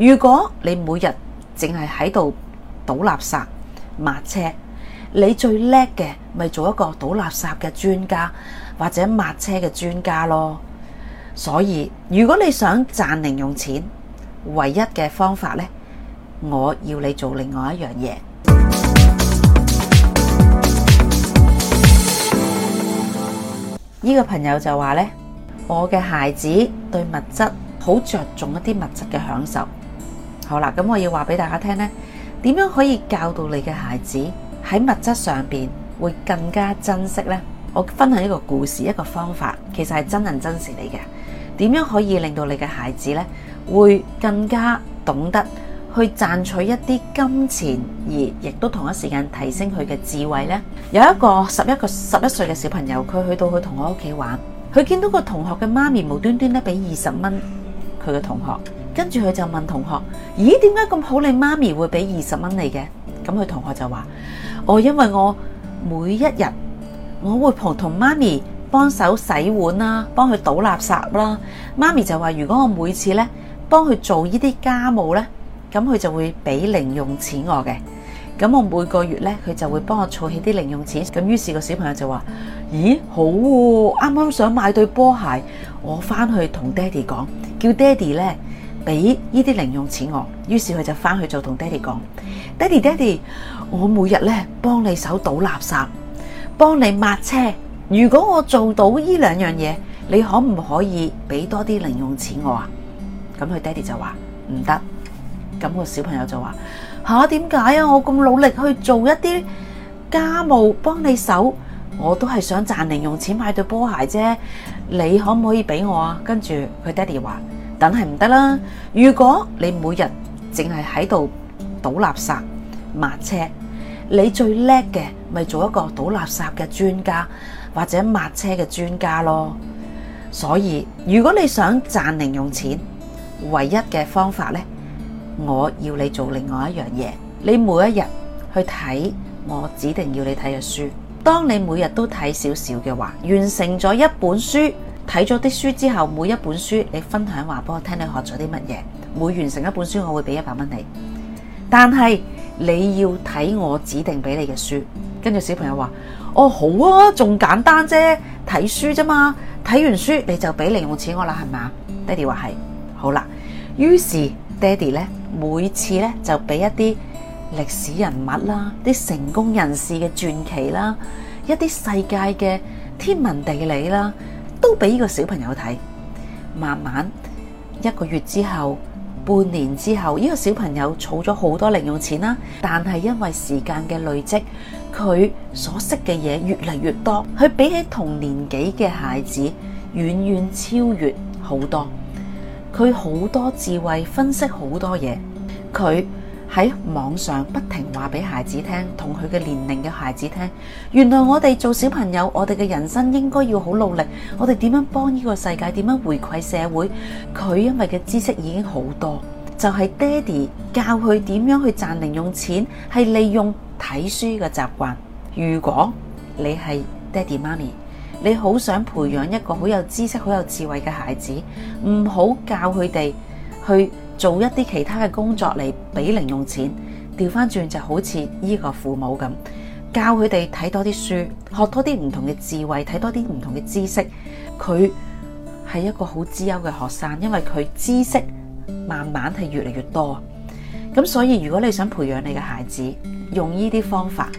如果你每日淨係喺度倒垃圾、抹車，你最叻嘅咪做一個倒垃圾嘅專家或者抹車嘅專家咯。所以如果你想賺零用錢，唯一嘅方法呢，我要你做另外一樣嘢。呢個朋友就話呢，我嘅孩子對物質好着重一啲物質嘅享受。好啦，咁我要話俾大家聽呢，點樣可以教到你嘅孩子喺物質上邊會更加珍惜呢？我分享一個故事，一個方法，其實係真人真事嚟嘅。點樣可以令到你嘅孩子呢，會更加懂得去賺取一啲金錢，而亦都同一時間提升佢嘅智慧呢？有一個十一個十一歲嘅小朋友，佢去到佢同學屋企玩，佢見到個同學嘅媽咪無端端咧俾二十蚊佢嘅同學。跟住佢就問同學，咦，點解咁好？你媽咪會俾二十蚊你嘅？咁佢同學就話，我、哦、因為我每一日我會同同媽咪幫手洗碗啦，幫佢倒垃圾啦。媽咪就話，如果我每次呢幫佢做呢啲家務呢，咁佢就會俾零用錢我嘅。咁我每個月呢，佢就會幫我儲起啲零用錢。咁於是個小朋友就話，咦，好喎、哦！啱啱想買對波鞋，我翻去同爹哋講，叫爹哋呢。」俾呢啲零用錢我，於是佢就翻去就同爹哋講：爹哋爹哋，我每日咧幫你手倒垃圾，幫你抹車。如果我做到呢兩樣嘢，你可唔可以俾多啲零用錢我啊？咁佢爹哋就話唔得。咁個小朋友就話：吓點解啊？我咁努力去做一啲家務，幫你手，我都係想賺零用錢買對波鞋啫。你可唔可以俾我啊？跟住佢爹哋話。梗係唔得啦！如果你每日淨係喺度倒垃圾、抹車，你最叻嘅咪做一個倒垃圾嘅專家或者抹車嘅專家咯。所以如果你想賺零用錢，唯一嘅方法呢，我要你做另外一樣嘢。你每一日去睇我指定要你睇嘅書，當你每日都睇少少嘅話，完成咗一本書。睇咗啲書之後，每一本書你分享話俾我聽，你學咗啲乜嘢？每完成一本書，我會俾一百蚊你。但係你要睇我指定俾你嘅書。跟住小朋友話：哦，好啊，仲簡單啫，睇書啫嘛。睇完書你就俾零用錢我啦，係嘛？爹哋話係，好啦。於是爹哋咧，每次咧，就俾一啲歷史人物啦，啲成功人士嘅傳奇啦，一啲世界嘅天文地理啦。都俾呢個小朋友睇，慢慢一個月之後、半年之後，呢個小朋友儲咗好多零用錢啦。但係因為時間嘅累積，佢所識嘅嘢越嚟越多，佢比起同年紀嘅孩子，遠遠超越好多。佢好多智慧，分析好多嘢，佢。喺網上不停話俾孩子聽，同佢嘅年齡嘅孩子聽。原來我哋做小朋友，我哋嘅人生應該要好努力。我哋點樣幫呢個世界？點樣回饋社會？佢因為嘅知識已經好多，就係爹哋教佢點樣去賺零用錢，係利用睇書嘅習慣。如果你係爹哋媽咪，你好想培養一個好有知識、好有智慧嘅孩子，唔好教佢哋去。做一啲其他嘅工作嚟俾零用錢，調翻轉就好似呢個父母咁，教佢哋睇多啲書，學多啲唔同嘅智慧，睇多啲唔同嘅知識，佢係一個好資優嘅學生，因為佢知識慢慢係越嚟越多。咁所以如果你想培養你嘅孩子，用呢啲方法。